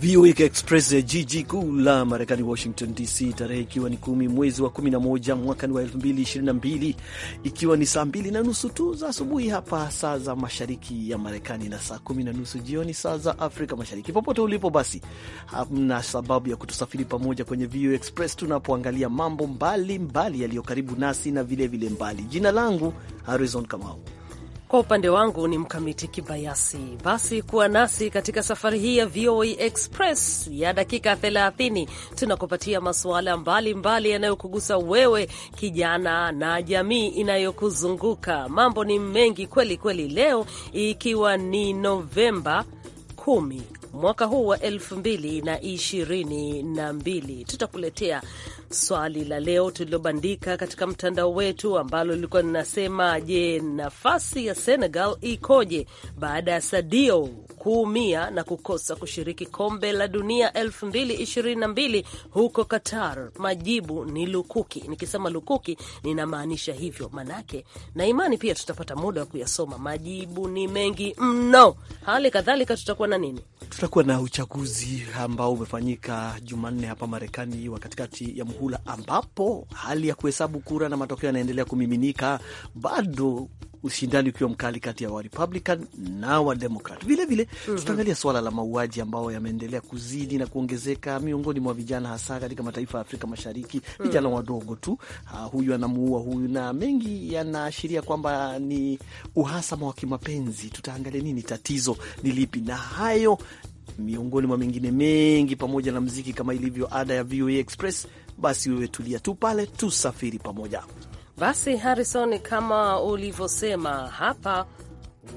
VOA Express, jiji kuu la Marekani, Washington DC, tarehe ikiwa ni kumi mwezi wa 11 mwaka wa mbili ikiwa ni saa mbili na nusu tu za asubuhi hapa saa za mashariki ya Marekani na saa kumi na nusu jioni saa za Afrika Mashariki. Popote ulipo, basi hamna sababu ya kutusafiri pamoja kwenye VOA Express tunapoangalia mambo mbalimbali yaliyo karibu nasi na vilevile vile mbali. Jina langu Harrison Kamau. Kwa upande wangu ni Mkamiti Kibayasi. Basi kuwa nasi katika safari hii ya VOA Express ya dakika 30 tunakupatia masuala mbalimbali yanayokugusa wewe kijana na jamii inayokuzunguka. Mambo ni mengi kweli kweli, leo ikiwa ni Novemba 10 mwaka huu wa 2022 tutakuletea swali la leo tulilobandika katika mtandao wetu ambalo lilikuwa linasema, je, nafasi ya Senegal ikoje baada ya Sadio kuumia na kukosa kushiriki kombe la dunia 2022 huko Qatar. Majibu ni lukuki. Nikisema lukuki, ninamaanisha hivyo, manake na imani pia tutapata muda wa kuyasoma. Majibu ni mengi mno. Hali kadhalika tutakuwa na nini? Tutakuwa na uchaguzi ambao umefanyika Jumanne hapa Marekani wa katikati ya muhula, ambapo hali ya kuhesabu kura na matokeo yanaendelea kumiminika bado ushindani ukiwa mkali kati ya warpublican na Wademokrat. Vilevile mm -hmm. tutaangalia suala la mauaji ambayo yameendelea kuzidi na kuongezeka miongoni mwa vijana, hasa katika mataifa ya Afrika Mashariki, mhm. vijana mm -hmm. wadogo tu, ah, huyu anamuua huyu, na mengi yanaashiria kwamba ni uhasama wa kimapenzi. Tutaangalia nini tatizo ni lipi, na hayo miongoni mwa mengine mengi, pamoja na mziki kama ilivyo ada ya VOA Express. Basi wewe tulia tu pale, tusafiri pamoja. Basi Harrison, kama ulivyosema hapa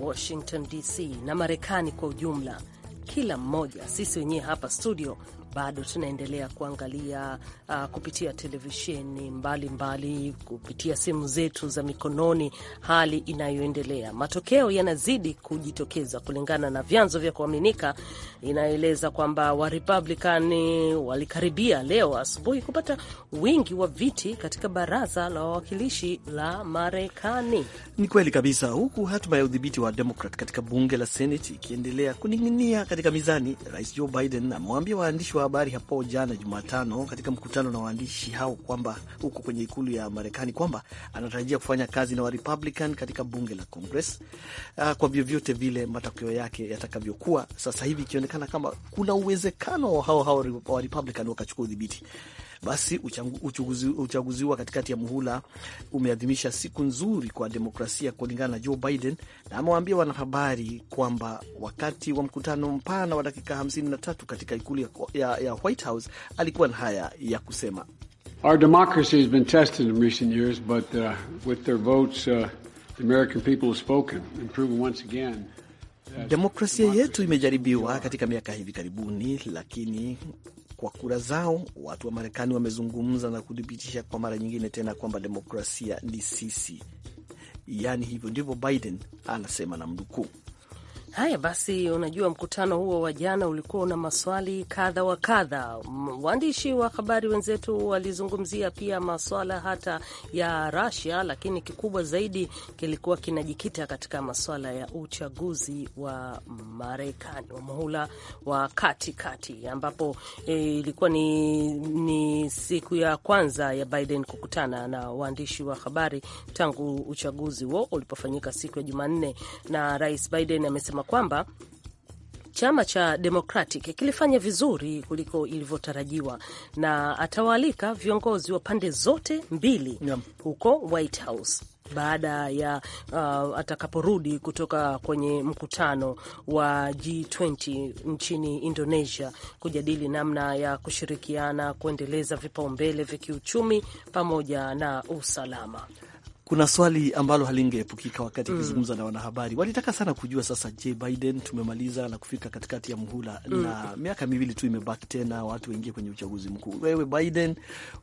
Washington DC na Marekani kwa ujumla, kila mmoja, sisi wenyewe hapa studio bado tunaendelea kuangalia uh, kupitia televisheni mbalimbali, kupitia simu zetu za mikononi, hali inayoendelea. Matokeo yanazidi kujitokeza kulingana na vyanzo vya kuaminika. Inaeleza kwamba Warepublikani walikaribia leo asubuhi kupata wingi wa viti katika baraza la wawakilishi la Marekani. Ni kweli kabisa, huku hatima ya udhibiti wa Demokrat katika bunge la Seneti ikiendelea kuning'inia katika mizani, Rais Joe Biden amewaambia waandishi wa habari hapo jana Jumatano katika mkutano na waandishi hao kwamba huko kwenye ikulu ya Marekani kwamba anatarajia kufanya kazi na Republican katika bunge la Congress ah, kwa vyovyote vile matokeo yake yatakavyokuwa, sasa hivi ikionekana kama kuna uwezekano hao hao Republican wakachukua udhibiti basi uchaguzi, wa katikati ya muhula umeadhimisha siku nzuri kwa demokrasia kulingana na Joe Biden, na amewaambia wanahabari kwamba wakati wa mkutano mpana wa dakika 53 katika ikulu ya, ya, ya White House alikuwa na haya ya kusema. Our democracy has been tested in recent years, but uh, with their votes, uh, the American people have spoken and proven once again. Demokrasia yetu imejaribiwa katika miaka hivi karibuni, lakini kwa kura zao, watu wa Marekani wamezungumza na kuthibitisha kwa mara nyingine tena kwamba demokrasia ni sisi. Yaani hivyo ndivyo Biden anasema, na mdukuu Haya basi, unajua mkutano huo wa jana ulikuwa una maswali kadha wa kadha. Waandishi wa habari wenzetu walizungumzia pia maswala hata ya rasia lakini kikubwa zaidi kilikuwa kinajikita katika maswala ya uchaguzi wa Marekani wa muhula wa katikati kati, ambapo e, ilikuwa ni, ni siku ya kwanza ya Biden kukutana na waandishi wa habari tangu uchaguzi huo ulipofanyika siku ya Jumanne, na Rais Biden amesema kwamba chama cha Democratic kilifanya vizuri kuliko ilivyotarajiwa na atawaalika viongozi wa pande zote mbili yeah, huko White House baada ya uh, atakaporudi kutoka kwenye mkutano wa G20 nchini Indonesia kujadili namna ya kushirikiana kuendeleza vipaumbele vya kiuchumi pamoja na usalama kuna swali ambalo halingeepukika wakati mm. akizungumza mm. na wanahabari. Walitaka sana kujua sasa, je, Biden tumemaliza na kufika katikati ya mhula mm. na miaka miwili tu imebaki tena watu waingie kwenye uchaguzi mkuu. Wewe Biden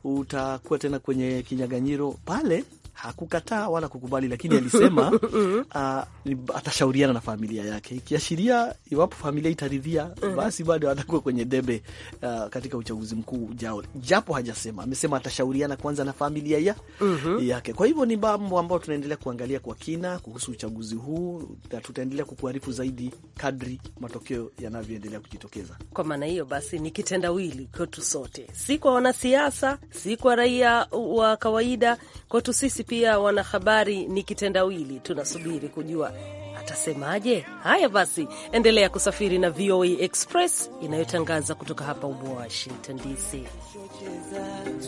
utakuwa tena kwenye kinyaganyiro pale Hakukataa wala kukubali, lakini alisema uh, atashauriana na familia yake, ikiashiria iwapo familia itaridhia, mm. basi bado atakuwa kwenye debe uh, katika uchaguzi mkuu ujao, japo hajasema. Amesema atashauriana kwanza na familia ya, mm -hmm. yake. Kwa hivyo ni mambo ambayo tunaendelea kuangalia kwa kina kuhusu uchaguzi huu, na tutaendelea kukuarifu zaidi kadri matokeo yanavyoendelea kujitokeza. Kwa maana hiyo basi, ni kitendawili kwetu sote, si kwa wanasiasa, si kwa raia wa kawaida, kwetu sisi pia wanahabari ni kitendawili. Tunasubiri kujua atasemaje? Haya basi, endelea kusafiri na VOA e Express inayotangaza kutoka hapa Washington DC.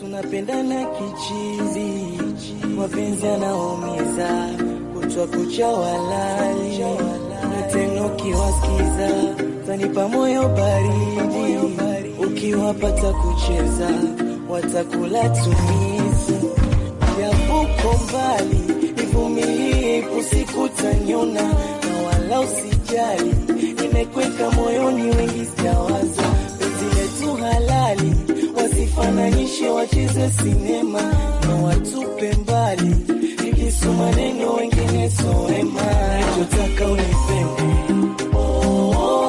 Tunapendana kichizi, mapenzi yanaumiza, kutwa kucha walali, tena kiwaskiza, tanipa moyo baridi, ukiwapata kucheza watakula tumizi, japo mbali nivumilie usiku utaniona, na wala usijali, nimekweka moyoni, wengi sijawaza, penzi letu halali, wasifananishe wacheze sinema na watupe mbali, nikisoma neno wengine sowema, nachotaka unipende oh, oh, oh,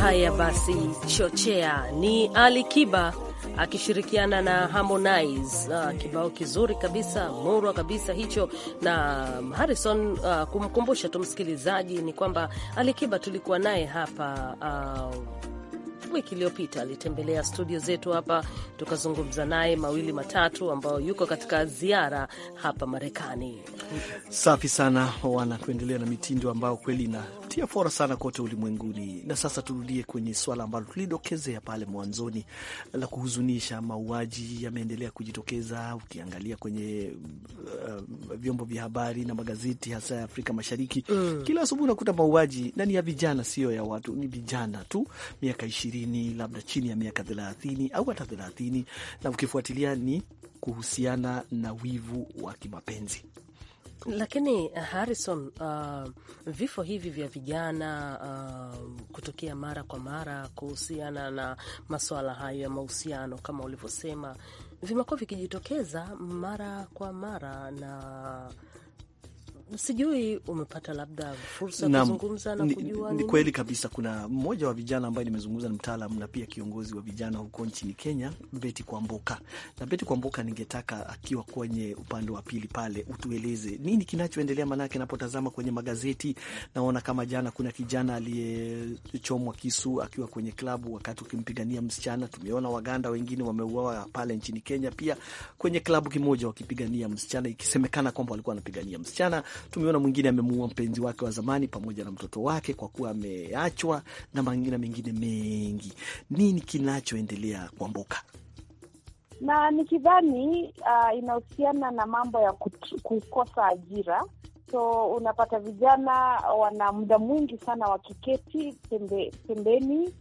Haya basi, chochea ni Ali Kiba akishirikiana na Harmonize uh, kibao kizuri kabisa murwa kabisa hicho. Na Harrison uh, kumkumbusha tu msikilizaji ni kwamba Alikiba tulikuwa naye hapa uh, wiki iliyopita alitembelea studio zetu hapa, tukazungumza naye mawili matatu, ambayo yuko katika ziara hapa Marekani. Safi sana, wana kuendelea na mitindo ambayo kweli na Tia fora sana kote ulimwenguni. Na sasa turudie kwenye swala ambalo tulidokezea pale mwanzoni la kuhuzunisha. Mauaji yameendelea kujitokeza, ukiangalia kwenye uh, vyombo vya habari na magazeti, hasa ya Afrika Mashariki mm. Kila asubuhi unakuta mauaji na ni ya vijana, sio ya watu, ni vijana tu miaka ishirini, labda chini ya miaka thelathini au hata thelathini, na ukifuatilia ni kuhusiana na wivu wa kimapenzi. Lakini eh, Harrison, uh, vifo hivi vya vijana uh, kutokea mara kwa mara kuhusiana na masuala hayo ya mahusiano kama ulivyosema, vimekuwa vikijitokeza mara kwa mara na sijui umepata labda fursa na kuzungumza na kujua ni kweli kabisa. Kuna mmoja wa vijana ambaye nimezungumza na mtaalam na pia kiongozi wa vijana huko nchini Kenya, Beti Kwamboka. Na Beti Kwamboka, ningetaka akiwa kwenye upande wa pili pale, utueleze nini kinachoendelea, maanake napotazama kwenye magazeti naona kama jana kuna kijana aliyechomwa kisu akiwa kwenye klabu wakati ukimpigania msichana. Tumeona Waganda wengine wameuawa pale nchini Kenya pia kwenye klabu kimoja wakipigania msichana, ikisemekana kwamba walikuwa wanapigania msichana Tumeona mwingine amemuua mpenzi wake wa zamani pamoja na mtoto wake kwa kuwa ameachwa na mangina mengine mengi. Nini kinachoendelea kwa Mboka? na nikidhani uh, inahusiana na mambo ya kukosa ajira. So unapata vijana wana muda mwingi sana wakiketi pembe, pembeni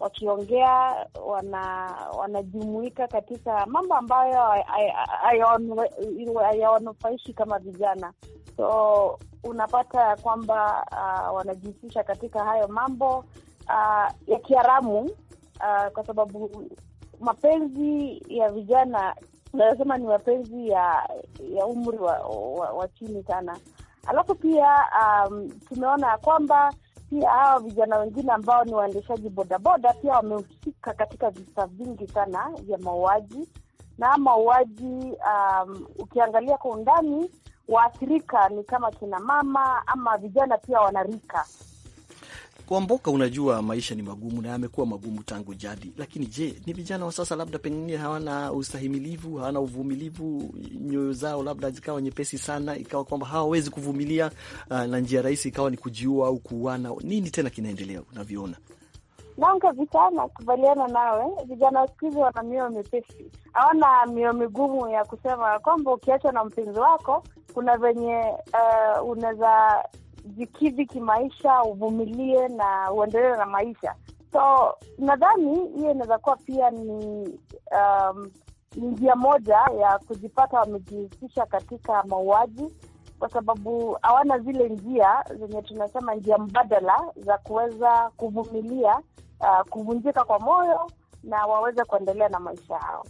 wakiongea wana, wanajumuika katika mambo ambayo hayawanufaishi kama vijana, so unapata ya kwamba uh, wanajihusisha katika hayo mambo uh, ya kiharamu uh, ah, kwa sababu mapenzi ya vijana nawezasema ni mapenzi ya ya umri wa, wa, wa chini sana. Alafu pia um, tumeona ya kwamba pia hawa vijana wengine ambao ni waendeshaji bodaboda pia wamehusika katika visa vingi sana vya mauaji na mauaji. Um, ukiangalia kwa undani, waathirika ni kama kina mama ama vijana pia wanarika kwa Mboka, unajua maisha ni magumu na yamekuwa magumu tangu jadi, lakini je, ni vijana wa sasa labda pengine hawana ustahimilivu, hawana uvumilivu, nyoyo zao labda zikawa nyepesi sana, ikawa kwamba hawawezi kuvumilia uh, na njia rahisi ikawa ni kujiua au kuuana. Nini tena kinaendelea unavyoona? Naam kabisa, nakubaliana nawe. Vijana wa siku hizi wana mioyo mepesi, hawana mioyo migumu ya kusema kwamba ukiachwa na mpenzi wako kuna venye uh, unaweza jikidhi kimaisha, uvumilie na uendelee na maisha. So nadhani hiyo inaweza kuwa pia ni um, ni njia moja ya kujipata wamejihusisha katika mauaji, kwa sababu hawana zile njia zenye tunasema njia mbadala za kuweza kuvumilia uh, kuvunjika kwa moyo na waweze kuendelea na maisha yao.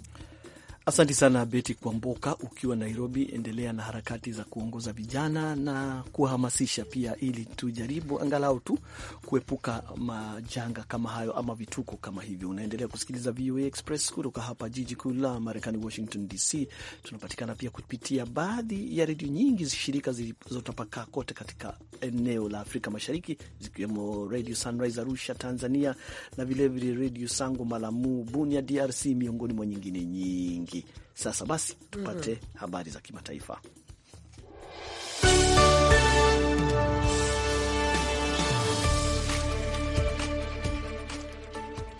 Asante sana Beti Kwamboka ukiwa Nairobi. Endelea na harakati za kuongoza vijana na kuhamasisha pia, ili tujaribu angalau tu kuepuka majanga kama hayo ama vituko kama hivyo. Unaendelea kusikiliza VOA Express kutoka hapa jiji kuu la Marekani, Washington DC. Tunapatikana pia kupitia baadhi ya redio nyingi shirika zilizotapakaa kote katika eneo la Afrika Mashariki, zikiwemo Redio Sunrise Arusha Tanzania, na vilevile Redio Sango Malamu Bunia DRC, miongoni mwa nyingine nyingi hiki. Sasa basi tupate mm -hmm. habari za kimataifa.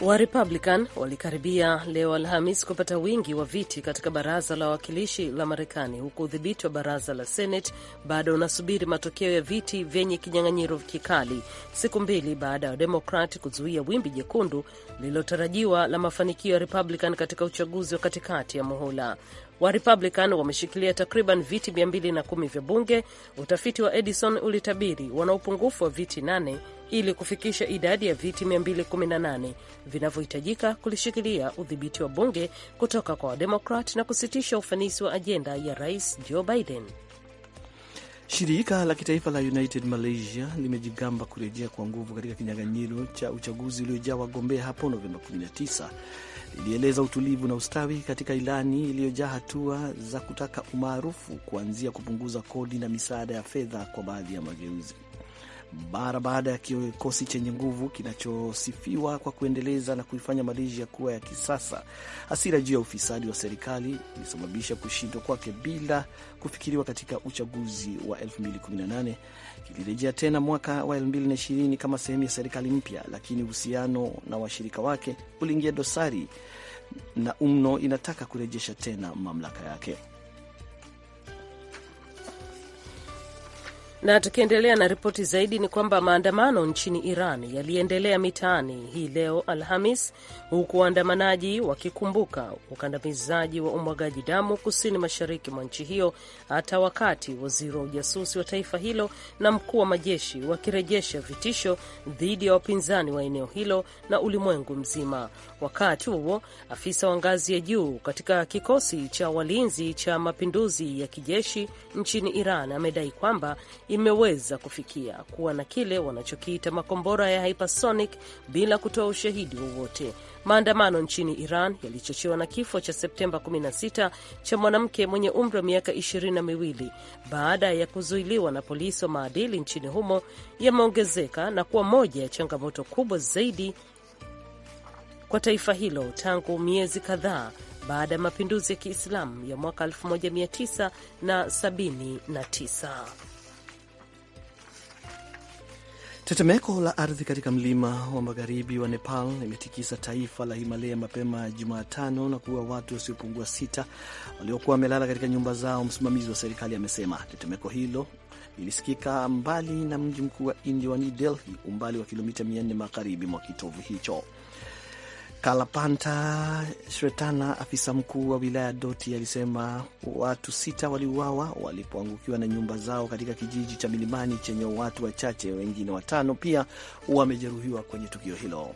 wa Republican walikaribia leo Alhamis kupata wingi wa viti katika baraza la wawakilishi la Marekani, huku udhibiti wa baraza la Senate bado unasubiri matokeo ya viti vyenye kinyang'anyiro kikali, siku mbili baada ya Wademokrat kuzuia wimbi jekundu lililotarajiwa la mafanikio ya Republican katika uchaguzi wa katikati ya muhula wa Republican wameshikilia takriban viti 210 vya bunge. Utafiti wa Edison ulitabiri wana upungufu wa viti 8 ili kufikisha idadi ya viti 218 vinavyohitajika kulishikilia udhibiti wa bunge kutoka kwa Wademokrat na kusitisha ufanisi wa ajenda ya Rais Joe Biden. Shirika la kitaifa la United Malaysia limejigamba kurejea kwa nguvu katika kinyang'anyiro cha uchaguzi uliojaa wagombea hapo Novemba 19. Lilieleza utulivu na ustawi katika ilani iliyojaa hatua za kutaka umaarufu, kuanzia kupunguza kodi na misaada ya fedha kwa baadhi ya mageuzi mara baada ya kikosi chenye nguvu kinachosifiwa kwa kuendeleza na kuifanya Malaysia kuwa ya kisasa. Hasira juu ya ufisadi wa serikali ilisababisha kushindwa kwake bila kufikiriwa katika uchaguzi wa 2018. Kilirejea tena mwaka wa 2020 kama sehemu ya serikali mpya, lakini uhusiano na washirika wake uliingia dosari na UMNO inataka kurejesha tena mamlaka yake. Na tukiendelea na ripoti zaidi ni kwamba maandamano nchini Iran yaliendelea mitaani hii leo Alhamis, huku waandamanaji wakikumbuka ukandamizaji wa umwagaji damu kusini mashariki mwa nchi hiyo, hata wakati waziri wa ujasusi wa taifa hilo na mkuu wa majeshi wakirejesha vitisho dhidi ya wapinzani wa eneo hilo na ulimwengu mzima. Wakati huo, afisa wa ngazi ya juu katika kikosi cha walinzi cha mapinduzi ya kijeshi nchini Iran amedai kwamba imeweza kufikia kuwa na kile wanachokiita makombora ya hypersonic bila kutoa ushahidi wowote. Maandamano nchini Iran yalichochewa na kifo cha Septemba 16 cha mwanamke mwenye umri wa miaka ishirini na miwili baada ya kuzuiliwa na polisi wa maadili nchini humo yameongezeka na kuwa moja ya changamoto kubwa zaidi kwa taifa hilo tangu miezi kadhaa baada ya mapinduzi ya Kiislamu ya mwaka 1979. Tetemeko la ardhi katika mlima wa magharibi wa Nepal limetikisa taifa la Himalaya mapema Jumatano na kuua watu wasiopungua sita waliokuwa wamelala katika nyumba zao, msimamizi wa serikali amesema. Tetemeko hilo lilisikika mbali na mji mkuu wa India wa New Delhi, umbali wa kilomita 400 magharibi mwa kitovu hicho. Kalapanta Shretana, afisa mkuu wa wilaya Doti, alisema watu sita waliuawa walipoangukiwa na nyumba zao katika kijiji cha milimani chenye watu wachache. Wengine watano pia wamejeruhiwa kwenye tukio hilo.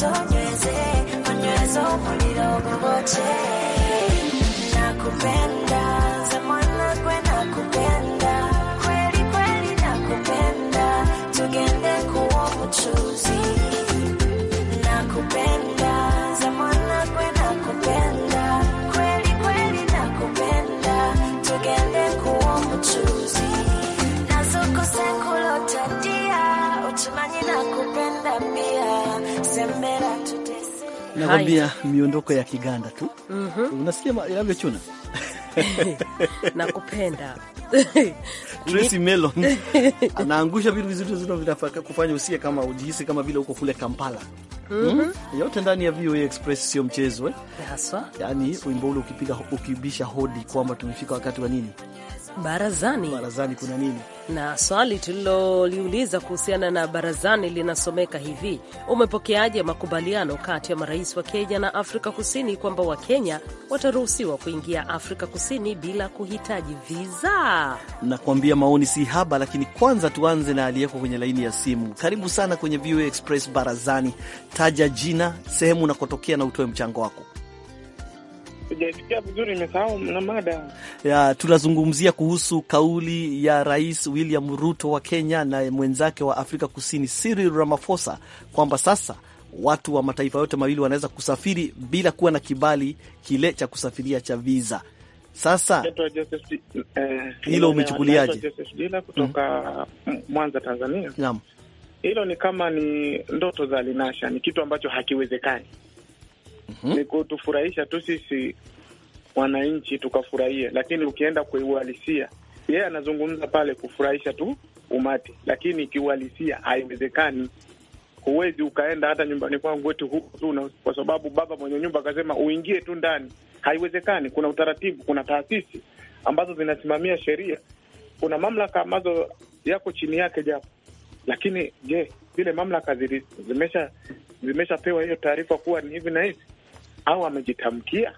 Tonyeze, onyeze umuriro ugobote nakwambia miondoko ya Kiganda tu mm -hmm. Unasikia inavyochuna nakupenda Tracy Melon anaangusha vitu vizuri vizuri vinafaa kufanya usie kama ujihisi kama vile uko kule Kampala. Mm -hmm. Yote ndani ya VOA Express sio mchezo eh? Haswa. Yaani wimbo ule ukipiga ukibisha hodi kwamba tumefika wakati wa nini? barazani. Barazani kuna nini? Na swali tuliloliuliza kuhusiana na barazani linasomeka hivi: umepokeaje makubaliano kati ya marais wa Kenya na Afrika Kusini kwamba Wakenya wataruhusiwa kuingia Afrika Kusini bila kuhitaji viza? Nakuambia maoni si haba, lakini kwanza tuanze na aliyeko kwenye laini ya simu. Karibu sana kwenye VOA Express Barazani, taja jina, sehemu unakotokea na utoe mchango wako sijaisikia vizuri, nimesahau na mada ya. Tunazungumzia kuhusu kauli ya Rais William Ruto wa Kenya na mwenzake wa Afrika Kusini Cyril Ramaphosa kwamba sasa watu wa mataifa yote mawili wanaweza kusafiri bila kuwa na kibali kile cha kusafiria cha visa. Sasa eh, hilo umechukuliaje? Kutoka mm. Mwanza, Tanzania. Naam, hilo ni kama ni ndoto za linasha, ni kitu ambacho hakiwezekani mm -hmm. ni kutufurahisha tu sisi wananchi tukafurahia, lakini ukienda kuiuhalisia yeye yeah, anazungumza pale kufurahisha tu umati, lakini kiuhalisia haiwezekani. Huwezi ukaenda hata nyumbani kwangu wetu huku tu, kwa sababu baba mwenye nyumba akasema uingie tu ndani. Haiwezekani, kuna utaratibu, kuna taasisi ambazo zinasimamia sheria, kuna mamlaka ambazo yako chini yake japo. Lakini je, zile mamlaka zimesha zimeshapewa hiyo taarifa kuwa ni hivi na hivi? au amejitamkia.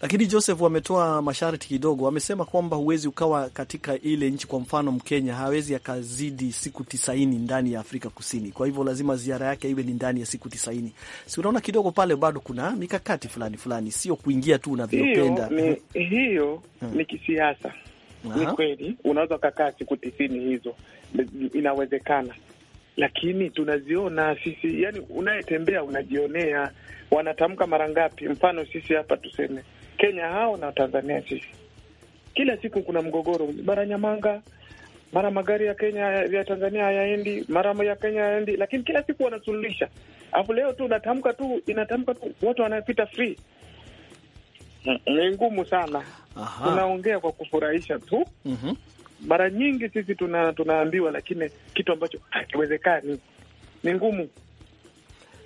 Lakini Joseph wametoa masharti kidogo, wamesema kwamba huwezi ukawa katika ile nchi. Kwa mfano, Mkenya hawezi akazidi siku tisaini ndani ya Afrika Kusini, kwa hivyo lazima ziara yake iwe ni ndani ya siku tisaini. Si unaona kidogo pale bado kuna mikakati fulani fulani, sio kuingia tu unavyopenda. Hiyo ni, mhm. hiyo, mhm. ni kisiasa. Ni kweli unaweza ukakaa siku tisini hizo, inawezekana lakini tunaziona sisi, yani unayetembea unajionea wanatamka mara ngapi. Mfano sisi hapa tuseme Kenya hao na Tanzania sisi, kila siku kuna mgogoro bara Nyamanga, mara magari ya Kenya ya Tanzania hayaendi, mara ya Kenya hayaendi, lakini kila siku wanasuluhisha. Alafu leo tu unatamka tu inatamka tu watu wanapita free, ni ngumu sana. Tunaongea kwa kufurahisha tu. mm -hmm mara nyingi sisi tuna, tunaambiwa, lakini kitu ambacho hakiwezekani ni ngumu.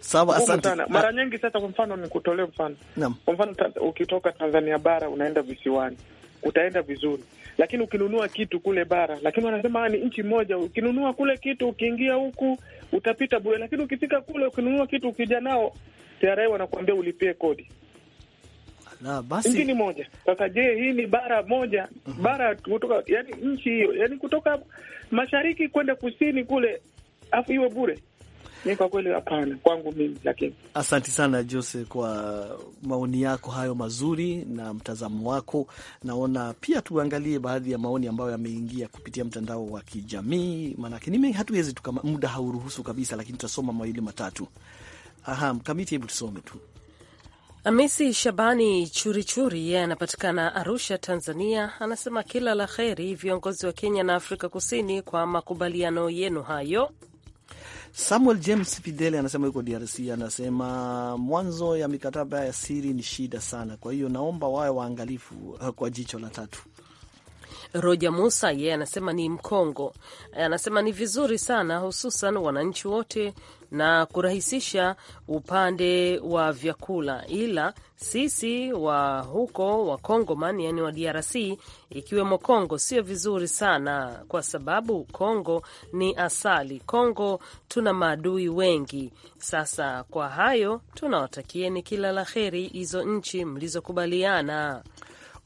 Sawa, asante sana. Mara nyingi sasa, kwa mfano nikutolee mfano, kwa mfano ta, ukitoka Tanzania bara unaenda visiwani utaenda vizuri, lakini ukinunua kitu kule bara, lakini wanasema ah, ni nchi moja. Ukinunua kule kitu ukiingia huku utapita bure, lakini ukifika kule ukinunua kitu ukija nao TRA wanakuambia ulipie kodi na basi nchi ni moja. Sasa je, hii ni bara moja? mm -hmm. bara kutoka yani nchi hiyo yani kutoka mashariki kwenda kusini kule, afu iwe bure? Kwa kweli hapana, kwangu mimi. Lakini asante sana Jose kwa maoni yako hayo mazuri na mtazamo wako. Naona pia tuangalie baadhi ya maoni ambayo yameingia kupitia mtandao wa kijamii, maanake ni mengi, hatuwezi tukama, muda hauruhusu kabisa, lakini tutasoma mawili matatu. Aha, mkamiti, hebu tusome tu Hamisi Shabani Churichuri yeye anapatikana Arusha, Tanzania, anasema kila la heri viongozi wa Kenya na Afrika Kusini kwa makubaliano yenu hayo. Samuel James Fidele anasema yuko DRC, anasema mwanzo ya mikataba ya siri ni shida sana, kwa hiyo naomba wawe waangalifu eh, kwa jicho la tatu. Roja Musa yeye anasema ni Mkongo, anasema ni vizuri sana, hususan wananchi wote na kurahisisha upande wa vyakula, ila sisi wa huko wa Kongoman, yani wa DRC ikiwemo Kongo, sio vizuri sana, kwa sababu Kongo ni asali. Kongo tuna maadui wengi. Sasa kwa hayo, tunawatakieni kila la heri hizo nchi mlizokubaliana.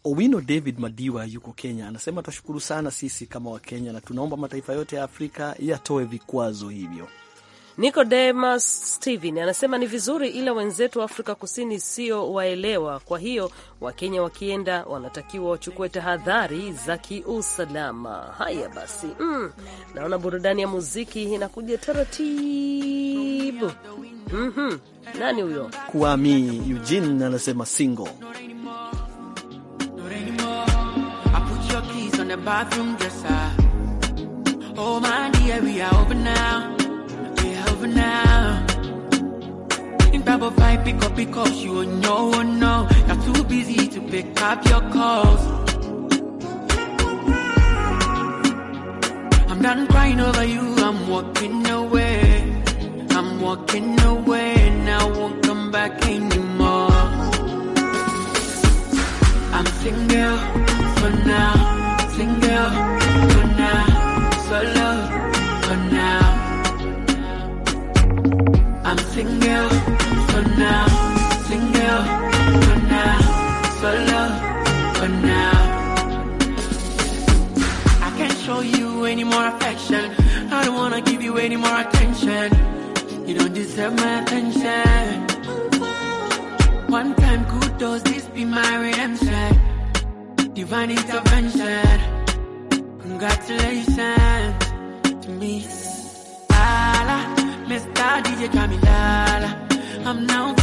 Owino David Madiwa yuko Kenya, anasema tashukuru sana sisi kama Wakenya, na tunaomba mataifa yote ya Afrika yatoe vikwazo hivyo. Nicodemus Steven anasema ni vizuri, ila wenzetu wa Afrika Kusini sio waelewa. Kwa hiyo Wakenya wakienda wanatakiwa wachukue tahadhari za kiusalama. Haya basi, mm. Naona burudani ya muziki inakuja taratibu. mm -hmm. Nani huyo? Kwami Eugene anasema single love now. In Bible 5, pick up because you know, oh no. You're too busy to pick up your calls. I'm done crying over you, I'm walking away. I'm walking away and I won't come back anymore. I'm single for now, single. I'm single for now, single for now, solo for now. I can't show you any more affection. I don't wanna give you any more attention. You don't deserve my attention. One time does this be my redemption. Divine intervention. Congratulations to me. Mr. DJ Jamilala. I'm now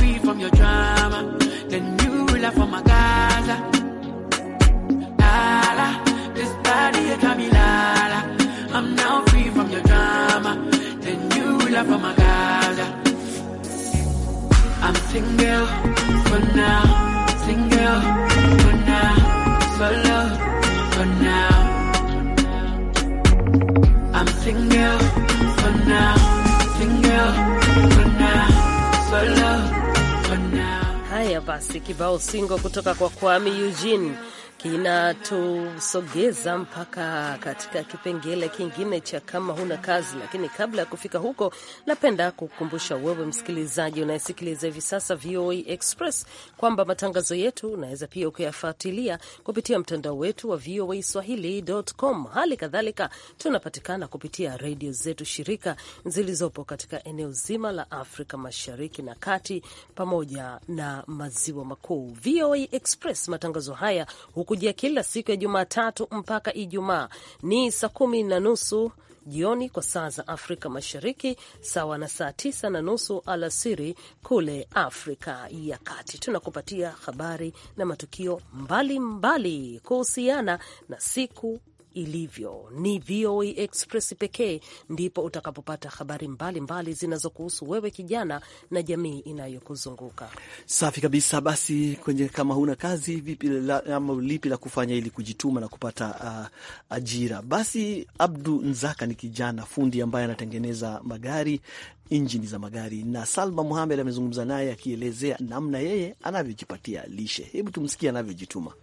basi kibao singo kutoka kwa kwami Eugene kinatusogeza mpaka katika kipengele kingine cha kama huna kazi. Lakini kabla ya kufika huko, napenda kukumbusha wewe msikilizaji unayesikiliza hivi sasa VOA Express kwamba matangazo yetu unaweza pia ukiyafuatilia kupitia mtandao wetu wa VOA Swahili.com. Hali kadhalika tunapatikana kupitia redio zetu shirika zilizopo katika eneo zima la Afrika Mashariki na Kati pamoja na Maziwa Makuu. VOA Express matangazo haya huko hukujia kila siku ya Jumatatu mpaka Ijumaa ni saa kumi na nusu jioni kwa saa za Afrika Mashariki, sawa na saa tisa na nusu alasiri kule Afrika ya Kati. Tunakupatia habari na matukio mbalimbali kuhusiana na siku ilivyo. Ni VOA Express pekee ndipo utakapopata habari mbalimbali zinazokuhusu wewe kijana na jamii inayokuzunguka. Safi kabisa. Basi kwenye kama huna kazi vipi la, ama lipi la kufanya ili kujituma na kupata uh, ajira? Basi Abdu Nzaka ni kijana fundi ambaye anatengeneza magari injini za magari na Salma Muhamed amezungumza naye akielezea namna yeye anavyojipatia lishe. Hebu tumsikie anavyojituma.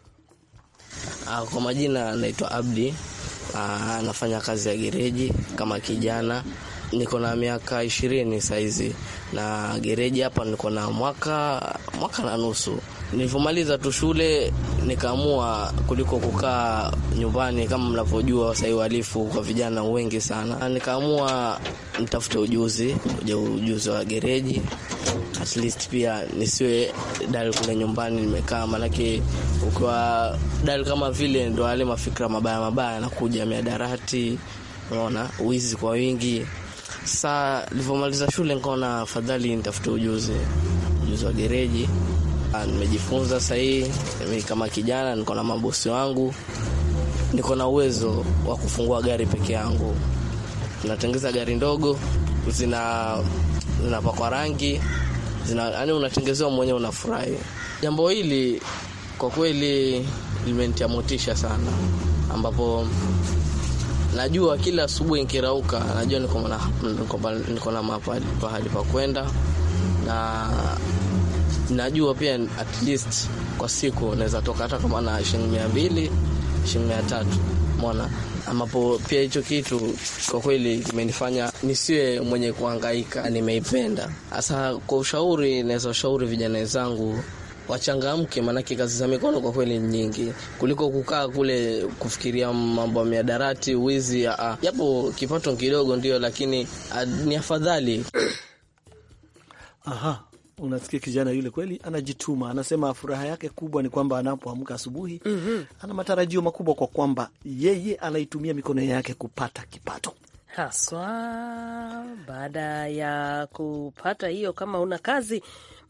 Ah, kwa majina naitwa Abdi, anafanya ah, kazi ya gereji kama kijana. Niko na miaka ishirini sahizi na gereji hapa niko na mwaka mwaka na nusu. Nilivyomaliza tu shule nikaamua kuliko kukaa nyumbani, kama mnavyojua sahii uhalifu kwa vijana wengi sana, nikaamua nitafute ujuzi ujuzi wa gereji at least pia nisiwe dal kule nyumbani nimekaa, manake ukiwa dal kama vile ndo yale mafikira mabaya mabaya yanakuja, miadarati, unaona, wizi kwa wingi. Saa nilivyomaliza shule nikaona afadhali nitafute ujuzi, ujuzi wa gereji ah, nimejifunza sasa hii. Mimi kama kijana niko na mabosi wangu, niko na uwezo wa kufungua gari peke yangu. Tunatengeza gari ndogo, zina zinapakwa rangi yani unatengezewa mwenyewe unafurahi. Jambo hili kwa kweli limenitia motisha sana, ambapo najua kila asubuhi nikirauka, najua niko na pahali pa kwenda na najua pia at least kwa siku naweza toka hata kama na shilingi mia mbili shilingi mia tatu mona ambapo pia hicho kitu kwa kweli kimenifanya nisiwe mwenye kuhangaika, nimeipenda hasa. Kwa ushauri, naweza ushauri vijana wenzangu wachangamke, maanake kazi za mikono kwa kweli nyingi kuliko kukaa kule kufikiria mambo ya miadarati, wizi. Japo kipato kidogo ndio, lakini ni afadhali. Aha unasikia kijana yule kweli anajituma, anasema furaha yake kubwa ni kwamba anapoamka asubuhi mm -hmm. ana matarajio makubwa kwa kwamba yeye anaitumia mikono yake kupata kipato haswa baada ya kupata hiyo, kama una kazi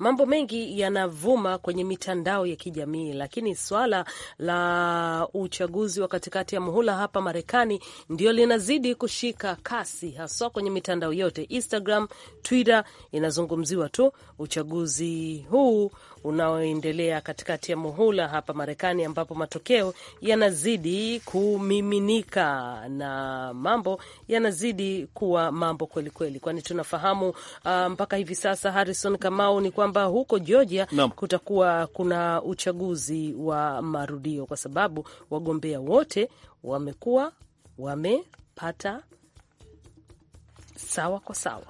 mambo mengi yanavuma kwenye mitandao ya kijamii, lakini swala la uchaguzi wa katikati ya muhula hapa Marekani ndio linazidi kushika kasi, haswa kwenye mitandao yote. Instagram, Twitter inazungumziwa tu uchaguzi huu unaoendelea katikati ya muhula hapa Marekani, ambapo matokeo yanazidi kumiminika na mambo yanazidi kuwa mambo kwelikweli, kwani tunafahamu uh, mpaka hivi sasa Harrison Kamau, ni kwamba huko Georgia no. kutakuwa kuna uchaguzi wa marudio kwa sababu wagombea wote wamekuwa wamepata sawa kwa sawa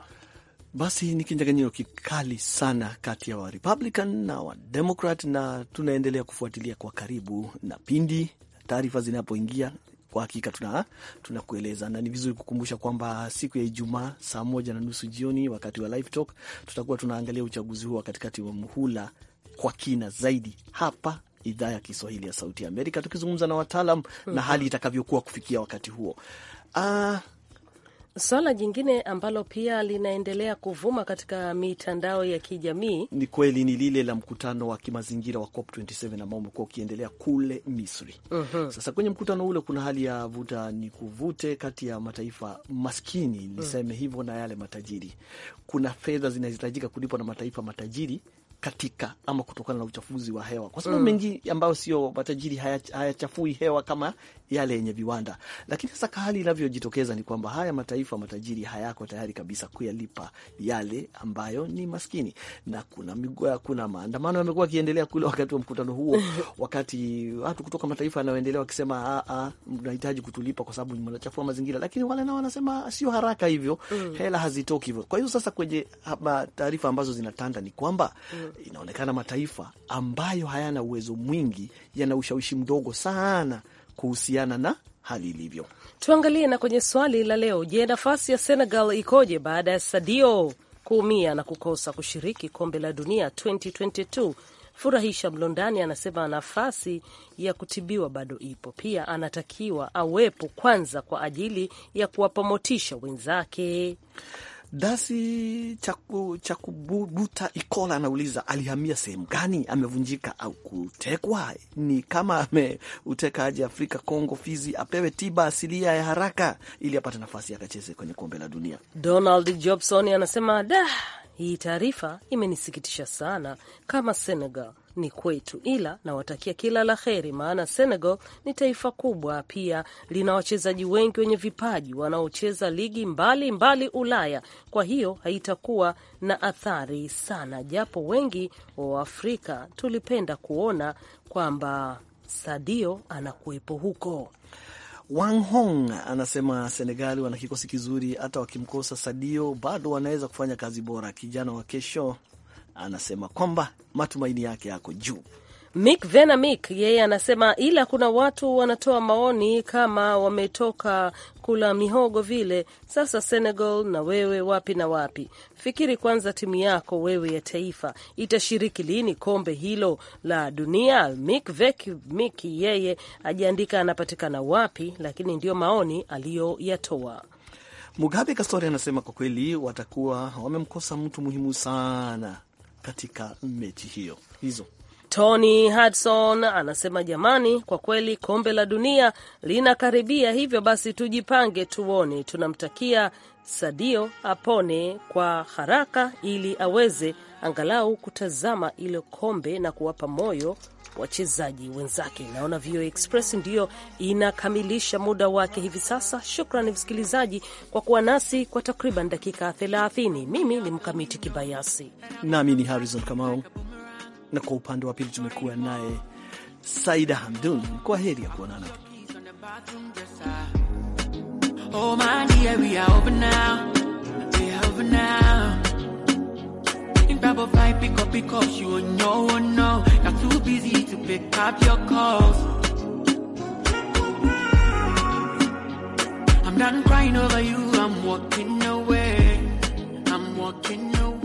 basi ni kinyanganyiro kikali sana kati ya Warepublican na Wademokrat, na tunaendelea kufuatilia kwa karibu, na pindi taarifa zinapoingia kwa hakika tuna tunakueleza, na ni vizuri kukumbusha kwamba siku ya Ijumaa saa moja na nusu jioni wakati wa live talk tutakuwa tunaangalia uchaguzi huo wa katikati wa muhula kwa kina zaidi hapa idhaa ya Kiswahili ya Sauti ya Amerika, tukizungumza na wataalam na mm-hmm. hali itakavyokuwa kufikia wakati huo. Ah, Swala jingine ambalo pia linaendelea kuvuma katika mitandao ya kijamii ni kweli, ni lile la mkutano wa kimazingira wa COP 27 ambao umekuwa ukiendelea kule Misri. mm -hmm. Sasa kwenye mkutano ule kuna hali ya vuta ni kuvute kati ya mataifa maskini niseme mm -hmm. hivyo na yale matajiri. Kuna fedha zinahitajika kulipwa na mataifa matajiri katika ama kutokana na uchafuzi wa hewa, kwa sababu mm, mengi ambayo sio matajiri hayachafui haya hewa kama yale yenye viwanda. Lakini sasa hali inavyojitokeza ni kwamba haya mataifa matajiri hayako tayari kabisa kuyalipa yale ambayo ni maskini, na kuna migua, kuna maandamano yamekuwa akiendelea kule wakati wa mkutano huo, wakati watu kutoka mataifa yanayoendelea wakisema ah, ah, mnahitaji kutulipa kwa sababu mnachafua mazingira, lakini wale nao wanasema sio haraka hivyo, mm, hela hazitoki hivyo. Kwa hiyo sasa kwenye taarifa ambazo zinatanda ni kwamba mm inaonekana mataifa ambayo hayana uwezo mwingi yana ushawishi mdogo sana kuhusiana na hali ilivyo. Tuangalie na kwenye swali la leo. Je, nafasi ya Senegal ikoje baada ya Sadio kuumia na kukosa kushiriki kombe la dunia 2022? Furahisha Mlondani anasema nafasi ya kutibiwa bado ipo, pia anatakiwa awepo kwanza kwa ajili ya kuwapa motisha wenzake. Dasi Chakubuta Ikola anauliza alihamia sehemu gani? Amevunjika au kutekwa? Ni kama ameuteka aje Afrika, Kongo, Fizi, apewe tiba asilia ya haraka ili apate nafasi akacheze kwenye kombe la dunia. Donald Jobson anasema da, hii taarifa imenisikitisha sana. Kama Senegal ni kwetu, ila nawatakia kila la heri, maana Senegal ni taifa kubwa, pia lina wachezaji wengi wenye vipaji wanaocheza ligi mbali mbali Ulaya. Kwa hiyo haitakuwa na athari sana, japo wengi wa Afrika tulipenda kuona kwamba Sadio anakuwepo huko. Wang Hong anasema Senegali wana kikosi kizuri, hata wakimkosa Sadio bado wanaweza kufanya kazi bora. Kijana wa kesho anasema kwamba matumaini yake yako juu. Mick Venamik yeye anasema ila kuna watu wanatoa maoni kama wametoka kula mihogo vile. Sasa Senegal na wewe wapi na wapi? Fikiri kwanza, timu yako wewe ya taifa itashiriki lini kombe hilo la dunia? Mick Venamick yeye ajiandika anapatikana wapi, lakini ndiyo maoni aliyoyatoa. Mugabe Kastori anasema kwa kweli watakuwa wamemkosa mtu muhimu sana katika mechi hiyo hizo. Tony Hudson anasema jamani, kwa kweli kombe la dunia linakaribia, hivyo basi tujipange, tuone. Tunamtakia Sadio apone kwa haraka ili aweze angalau kutazama ile kombe na kuwapa moyo wachezaji wenzake. Naona VOA Express ndiyo inakamilisha muda wake hivi sasa. Shukran msikilizaji kwa kuwa nasi kwa takriban dakika 30. Mimi ni Mkamiti Kibayasi nami ni Harrison Kamau, na kwa upande wa pili tumekuwa naye Saida Hamdun. Kwa heri ya kuonana. Oh, You grab pick up, pick up, you know, your own now. Not too busy to pick up your calls. I'm done crying over you, I'm walking away. I'm walking away.